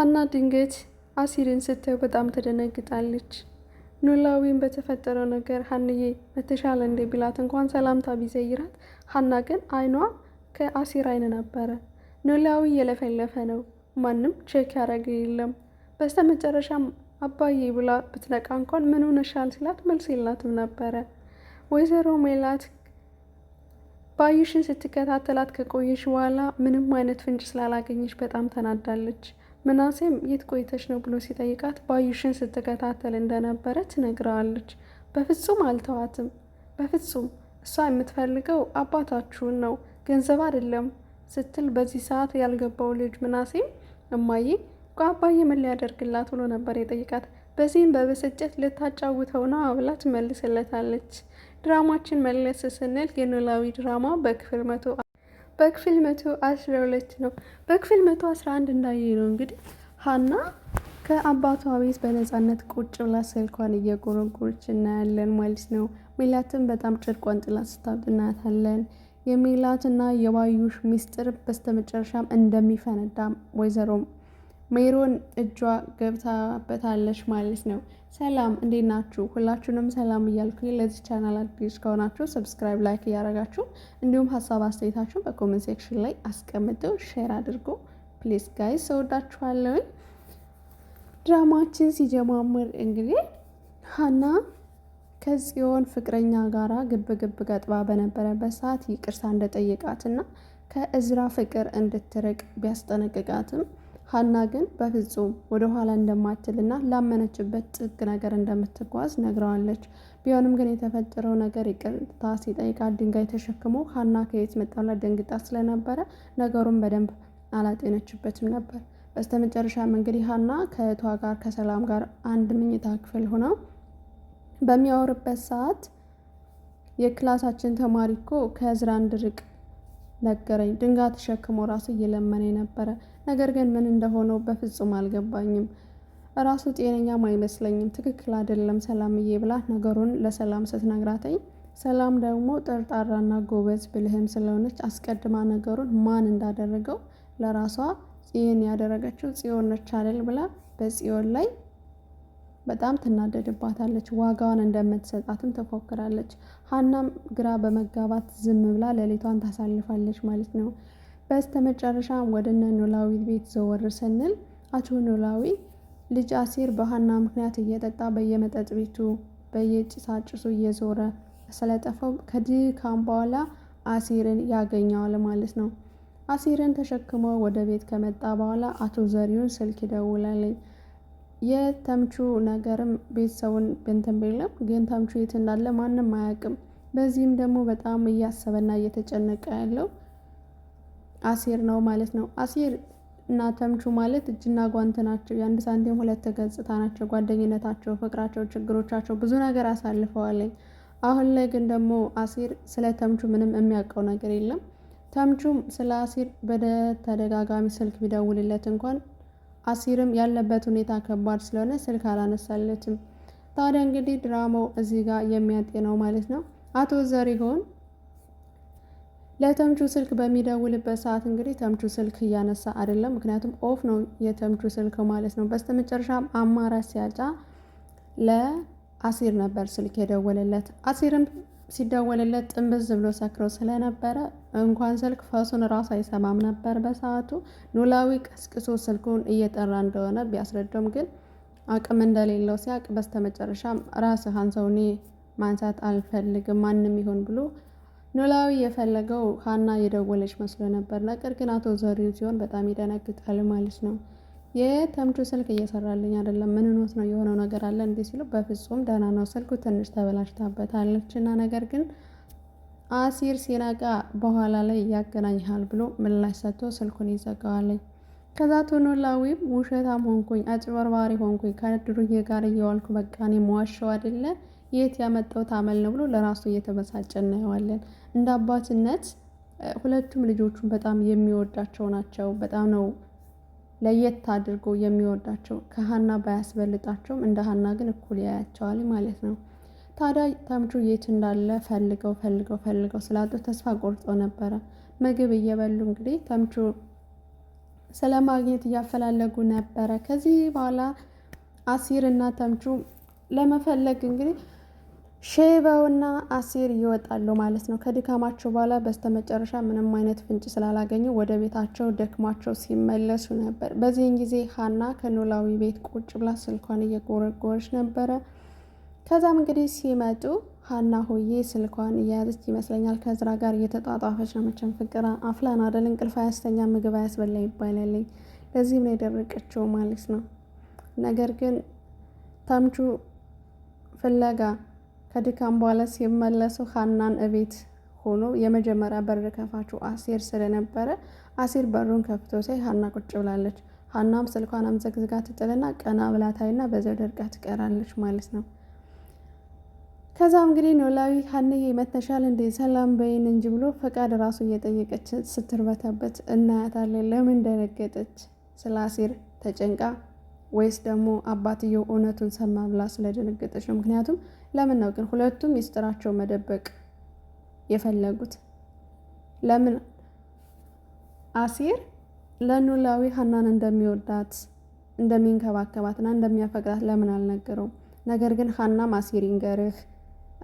ሀና ድንገት አሲርን ስታየው በጣም ትደነግጣለች። ኖላዊን በተፈጠረው ነገር ሀንዬ በተሻለ እንደ ቢላት እንኳን ሰላምታ ቢዘይራት፣ ሀና ግን አይኗ ከአሲር አይን ነበረ። ኖላዊ የለፈለፈ ነው፣ ማንም ቼክ ያደረገ የለም። በስተ መጨረሻም አባዬ ብላ ብትነቃ እንኳን ምን ሆነሻል ሲላት መልስ የላትም ነበረ። ወይዘሮ ሜላት ባዩሽን ስትከታተላት ከቆየች በኋላ ምንም አይነት ፍንጭ ስላላገኘች በጣም ተናዳለች። ምናሴም የት ቆይተች ነው ብሎ ሲጠይቃት ባዩሽን ስትከታተል እንደነበረ ትነግረዋለች። በፍጹም አልተዋትም፣ በፍጹም እሷ የምትፈልገው አባታችሁን ነው ገንዘብ አይደለም ስትል በዚህ ሰዓት ያልገባው ልጅ ምናሴም እማዬ አባዬ ምን ሊያደርግላት ብሎ ነበር የጠይቃት። በዚህም በብስጭት ልታጫውተው ነው አብላ ትመልስለታለች። ድራማችን መለስ ስንል የኖላዊ ድራማ በክፍል መቶ በክፍል መቶ አስራ ሁለት ነው። በክፍል መቶ አስራ አንድ እንዳየ ነው እንግዲህ ሀና ከአባቷ ቤት በነፃነት ቁጭ ብላ ስልኳን እየጎረጎረች እናያለን ማለት ነው። ሜላትን በጣም ጭርቋን ጥላ ስታብጥ እናያታለን። የሜላትና የባዩሽ ሚስጥር በስተመጨረሻም እንደሚፈነዳ ወይዘሮ ሜሮን እጇ ገብታበታለች ማለት ነው። ሰላም እንዴት ናችሁ? ሁላችሁንም ሰላም እያልኩ ለዚህ ቻናል አዲስ ከሆናችሁ ሰብስክራይብ፣ ላይክ እያደረጋችሁ እንዲሁም ሀሳብ አስተያየታችሁን በኮመንት ሴክሽን ላይ አስቀምጠው ሼር አድርጎ ፕሊስ ጋይስ እወዳችኋለሁኝ። ድራማችን ሲጀማምር እንግዲህ ሀና ከጽዮን ፍቅረኛ ጋራ ግብ ግብ ገጥባ በነበረበት ሰዓት ይቅርታ እንደጠየቃትና ከእዝራ ፍቅር እንድትርቅ ቢያስጠነቅቃትም ሀና ግን በፍጹም ወደኋላ እንደማትልና ላመነችበት ጥግ ነገር እንደምትጓዝ ነግረዋለች። ቢሆንም ግን የተፈጠረው ነገር ይቅርታ ሲጠይቃት ድንጋይ ተሸክሞ ሀና ከየት መጣላ ደንግጣ ስለነበረ ነገሩን በደንብ አላጤነችበትም ነበር። በስተመጨረሻም እንግዲህ ሀና ከእህቷ ጋር ከሰላም ጋር አንድ ምኝታ ክፍል ሆነው በሚያወርበት ሰዓት የክላሳችን ተማሪ እኮ ከእዝራ እንድርቅ ነገረኝ። ድንጋይ ተሸክሞ ራሱ እየለመነ ነበረ። ነገር ግን ምን እንደሆነው በፍጹም አልገባኝም። ራሱ ጤነኛም አይመስለኝም። ትክክል አይደለም ሰላምዬ ብላ ነገሩን ለሰላም ስትነግራተኝ ሰላም ደግሞ ጠርጣራና ጎበዝ ብልህም ስለሆነች አስቀድማ ነገሩን ማን እንዳደረገው ለራሷ ይህን ያደረገችው ጽዮን ነች አይደል ብላ በጽዮን ላይ በጣም ትናደድባታለች። ዋጋዋን እንደምትሰጣትም ትፎክራለች። ሀናም ግራ በመጋባት ዝም ብላ ሌሊቷን ታሳልፋለች ማለት ነው። በስተ መጨረሻም ወደነ ኖላዊ ቤት ዘወር ስንል አቶ ኖላዊ ልጅ አሲር በሀና ምክንያት እየጠጣ በየመጠጥ ቤቱ በየጭሳጭሱ እየዞረ ስለጠፋው ከድካም በኋላ አሲርን ያገኘዋል ማለት ነው። አሲርን ተሸክሞ ወደ ቤት ከመጣ በኋላ አቶ ዘሪሁን ስልክ ይደውላልኝ። የተምቹ ነገርም ቤተሰቡን ብንትን ቢልም ግን ተምቹ የት እንዳለ ማንም አያውቅም። በዚህም ደግሞ በጣም እያሰበና እየተጨነቀ ያለው አሴር ነው ማለት ነው። አሴር እና ተምቹ ማለት እጅና ጓንት ናቸው። የአንድ ሳንቲም ሁለት ገጽታ ናቸው። ጓደኝነታቸው፣ ፍቅራቸው፣ ችግሮቻቸው ብዙ ነገር አሳልፈዋለኝ። አሁን ላይ ግን ደግሞ አሴር ስለ ተምቹ ምንም የሚያውቀው ነገር የለም። ተምቹም ስለ አሴር በተደጋጋሚ ስልክ ቢደውልለት እንኳን አሲርም ያለበት ሁኔታ ከባድ ስለሆነ ስልክ አላነሳለችም። ታዲያ እንግዲህ ድራማው እዚህ ጋር የሚያጤነው ማለት ነው። አቶ ዘሪሁን ለተምቹ ስልክ በሚደውልበት ሰዓት እንግዲህ ተምቹ ስልክ እያነሳ አይደለም። ምክንያቱም ኦፍ ነው የተምቹ ስልክ ማለት ነው። በስተመጨረሻም አማራጭ ሲያጫ ለአሲር ነበር ስልክ የደወለለት አሲርም ሲደወልለት ጥንብዝ ብሎ ሰክሮ ስለነበረ እንኳን ስልክ ፈሱን ራሱ አይሰማም ነበር በሰዓቱ። ኖላዊ ቀስቅሶ ስልኩን እየጠራ እንደሆነ ቢያስረዳውም ግን አቅም እንደሌለው ሲያቅ በስተመጨረሻም ራስ አንሰው እኔ ማንሳት አልፈልግም ማንም ይሆን ብሎ ኖላዊ የፈለገው ሀና የደወለች መስሎ ነበር። ነገር ግን አቶ ዘሪሁን ሲሆን በጣም ይደነግጣል ማለት ነው። የተምቹ ስልክ እየሰራልኝ አይደለም ምን ኖት ነው የሆነው ነገር አለ እንዲ ሲሉ በፍጹም ደህና ነው ስልኩ ትንሽ ተበላሽታበታለችና ነገር ግን አሲር ሲነቃ በኋላ ላይ ያገናኝሃል ብሎ ምላሽ ሰጥቶ ስልኩን ይዘጋዋለኝ ከዛ ኖላዊም ውሸታም ሆንኩኝ አጭበርባሪ ሆንኩኝ ከድሩዬ ጋር እየዋልኩ በቃ እኔ መዋሸው አይደለ የት ያመጣው ታመል ነው ብሎ ለራሱ እየተበሳጨ እናየዋለን እንደ አባትነት ሁለቱም ልጆቹን በጣም የሚወዳቸው ናቸው በጣም ነው ለየት አድርጎ የሚወዳቸው ከሀና ባያስበልጣቸውም እንደ ሀና ግን እኩል ያያቸዋል ማለት ነው። ታዲያ ተምቹ የት እንዳለ ፈልገው ፈልገው ፈልገው ስላጡ ተስፋ ቆርጦ ነበረ። ምግብ እየበሉ እንግዲህ ተምቹ ስለማግኘት እያፈላለጉ ነበረ። ከዚህ በኋላ አሲር እና ተምቹ ለመፈለግ እንግዲህ ሼባውና አሲር ይወጣሉ ማለት ነው። ከድካማቸው በኋላ በስተመጨረሻ ምንም አይነት ፍንጭ ስላላገኙ ወደ ቤታቸው ደክማቸው ሲመለሱ ነበር። በዚህን ጊዜ ሀና ከኖላዊ ቤት ቁጭ ብላ ስልኳን እየጎረጎረች ነበረ። ከዛም እንግዲህ ሲመጡ ሀና ሆዬ ስልኳን እያያዘች ይመስለኛል ከዝራ ጋር እየተጣጣፈች ነው። መቼም ፍቅር አፍላን አደል እንቅልፍ አያስተኛ ምግብ አያስበላ ይባላልኝ። ለዚህም ነው የደረቀችው ማለት ነው። ነገር ግን ተምቹ ፍለጋ ከድካም በኋላ ሲመለሱ ሀናን እቤት ሆኖ የመጀመሪያ በር ከፋቹ አሴር ስለነበረ አሴር በሩን ከፍቶ ሳይ ሀና ቁጭ ብላለች። ሀናም ስልኳን አምዘግዝጋ ትጥልና ቀና ብላታይና በዘው ደርቃ ትቀራለች ማለት ነው። ከዛ እንግዲህ ኖላዊ ሀንዬ መተሻል እንዴ ሰላም በይን እንጂ ብሎ ፈቃድ ራሱ እየጠየቀች ስትርበተበት እናያታለን። ለምን ደነገጠች? ስለ አሴር ተጨንቃ ወይስ ደግሞ አባትየው እውነቱን ሰማ ብላ ስለደነገጠች ነው? ምክንያቱም ለምን ነው ግን ሁለቱም ሚስጥራቸው መደበቅ የፈለጉት? ለምን አሲር ለኖላዊ ሀናን እንደሚወዳት እንደሚንከባከባትና እንደሚያፈቅራት ለምን አልነገረውም? ነገር ግን ሀናም አሲር ይንገርህ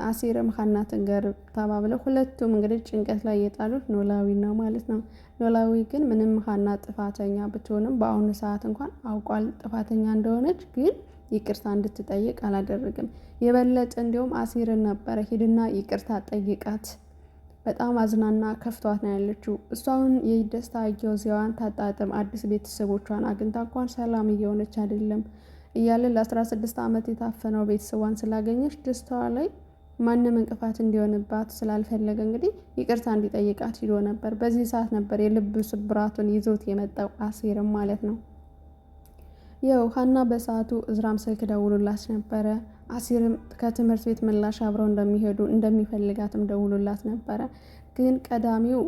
አሲርም ሀና ትንገር ተባብለው ሁለቱም እንግዲህ ጭንቀት ላይ የጣሉት ኖላዊ ነው ማለት ነው። ኖላዊ ግን ምንም ሀና ጥፋተኛ ብትሆንም በአሁኑ ሰዓት እንኳን አውቋል ጥፋተኛ እንደሆነች ግን ይቅርታ እንድትጠይቅ አላደረግም። የበለጠ እንዲሁም አሲርን ነበረ ሂድና ይቅርታ ጠይቃት በጣም አዝናና ከፍቷት ነው ያለችው። እሷን የደስታ ጊዜዋን ታጣጥም አዲስ ቤተሰቦቿን አግኝታ እንኳን ሰላም እየሆነች አይደለም እያለ ለ16 ዓመት የታፈነው ቤተሰቧን ስላገኘች ደስታዋ ላይ ማንም እንቅፋት እንዲሆንባት ስላልፈለገ እንግዲህ ይቅርታ እንዲጠይቃት ሂዶ ነበር። በዚህ ሰዓት ነበር የልብ ስብራቱን ይዞት የመጣው አሲርም ማለት ነው። ይኸው ሀና በሰዓቱ እዝራም ስልክ ደውሎላት ነበረ። አሲርም ከትምህርት ቤት ምላሽ አብረው እንደሚሄዱ እንደሚፈልጋትም ደውሉላት ነበረ። ግን ቀዳሚው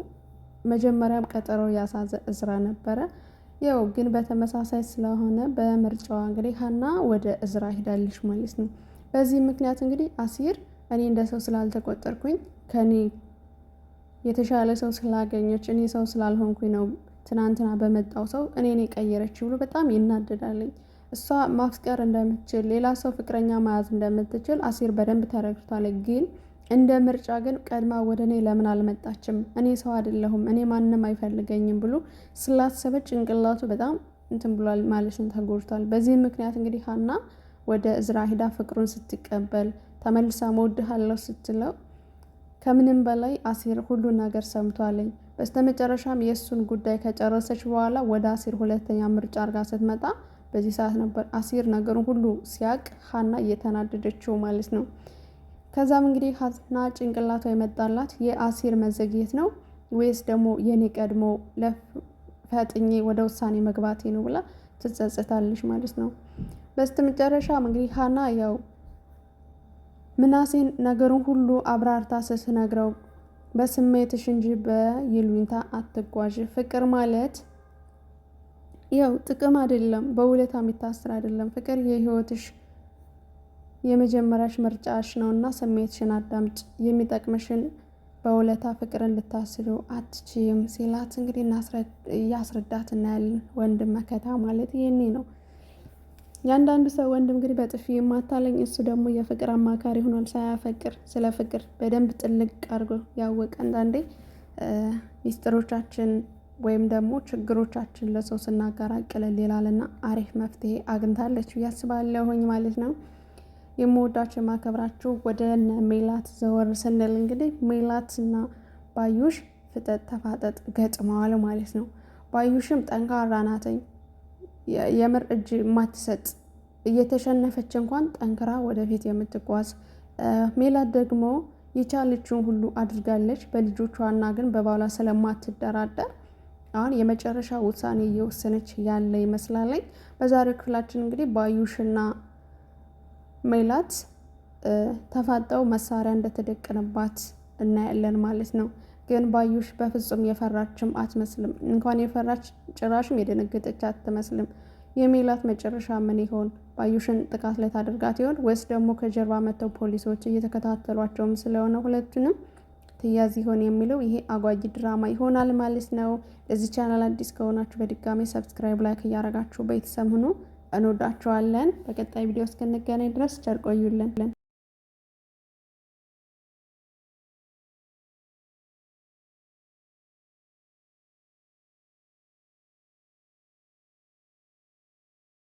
መጀመሪያም ቀጠሮ ያሳዘ እዝራ ነበረ። ው ግን በተመሳሳይ ስለሆነ በምርጫዋ እንግዲህ ሀና ወደ እዝራ ሄዳለች ማለት ነው። በዚህ ምክንያት እንግዲህ አሲር እኔ እንደ ሰው ስላልተቆጠርኩኝ ከኔ የተሻለ ሰው ስላገኘች እኔ ሰው ስላልሆንኩኝ ነው ትናንትና በመጣው ሰው እኔን የቀየረች ብሎ በጣም ይናደዳለኝ እሷ ማፍቀር እንደምትችል ሌላ ሰው ፍቅረኛ መያዝ እንደምትችል አሲር በደንብ ተረድቷል። ግን እንደ ምርጫ ግን ቀድማ ወደ እኔ ለምን አልመጣችም? እኔ ሰው አይደለሁም፣ እኔ ማንም አይፈልገኝም ብሎ ስላሰበ ጭንቅላቱ በጣም እንትን ብሏል ማለት ነው፣ ተጎድቷል። በዚህ ምክንያት እንግዲህ ሀና ወደ እዝራ ሂዳ ፍቅሩን ስትቀበል ተመልሳ መወድሃለሁ ስትለው ከምንም በላይ አሲር ሁሉን ነገር ሰምቷለኝ። በስተመጨረሻም የእሱን ጉዳይ ከጨረሰች በኋላ ወደ አሲር ሁለተኛ ምርጫ አርጋ ስትመጣ በዚህ ሰዓት ነበር አሲር ነገሩን ሁሉ ሲያቅ ሀና እየተናደደችው ማለት ነው። ከዛም እንግዲህ ሀና ጭንቅላቷ የመጣላት የአሲር መዘግየት ነው ወይስ ደግሞ የኔ ቀድሞ ለፈጥኜ ወደ ውሳኔ መግባቴ ነው ብላ ትጸጽታለች ማለት ነው። በስተመጨረሻም እንግዲህ ሀና ያው ምናሴን ነገሩን ሁሉ አብራርታ ስትነግረው በስሜትሽ እንጂ በይሉኝታ አትጓዥ። ፍቅር ማለት ያው ጥቅም አይደለም፣ በውለታ የሚታስር አይደለም። ፍቅር የህይወትሽ የመጀመሪያሽ ምርጫሽ ነው እና ስሜትሽን አዳምጭ። የሚጠቅምሽን በውለታ ፍቅርን ልታስሉ አትችይም ሲላት እንግዲህ እያስረዳት እናያለን። ወንድም መከታ ማለት ይህኔ ነው። የአንዳንዱ ሰው ወንድም እንግዲህ በጥፊ የማታለኝ እሱ ደግሞ የፍቅር አማካሪ ሆኗል። ሳያፈቅር ስለ ፍቅር በደንብ ጥልቅ አድርጎ ያወቀ አንዳንዴ ሚስጥሮቻችን ወይም ደግሞ ችግሮቻችን ለሰው ስናጋራ ቀለል ይላልና አሪፍ መፍትሄ አግኝታለች ብዬ ማለት ነው። የምወዳቸው የማከብራችሁ ወደ እነ ሜላት ዘወር ስንል እንግዲህ ሜላትና ባዩሽ ፍጠጥ ተፋጠጥ ገጥመዋል ማለት ነው። ባዩሽም ጠንካራ ናተኝ የምር እጅ የማትሰጥ እየተሸነፈች እንኳን ጠንክራ ወደፊት የምትጓዝ ሜላት ደግሞ የቻለችውን ሁሉ አድርጋለች። በልጆቿና ግን በባሏ ስለማትደራደር አሁን የመጨረሻ ውሳኔ እየወሰነች ያለ ይመስላለኝ። በዛሬው ክፍላችን እንግዲህ ባዩሽና ሜላት ተፋጠው መሳሪያ እንደተደቀነባት እናያለን ማለት ነው። ግን ባዩሽ በፍጹም የፈራችም አትመስልም። እንኳን የፈራች ጭራሽም የደነገጠች አትመስልም። የሚላት መጨረሻ ምን ይሆን? ባዩሽን ጥቃት ላይ ታደርጋት ይሆን ወይስ ደግሞ ከጀርባ መጥተው ፖሊሶች እየተከታተሏቸውም ስለሆነ ሁለቱንም ትያዝ ይሆን የሚለው ይሄ አጓጊ ድራማ ይሆናል ማለት ነው። ለዚህ ቻናል አዲስ ከሆናችሁ በድጋሚ ሰብስክራይብ፣ ላይክ እያረጋችሁ ቤተሰብ ሁኑ። እንወዳችኋለን። በቀጣይ ቪዲዮ እስክንገናኝ ድረስ ቸር ቆዩልን።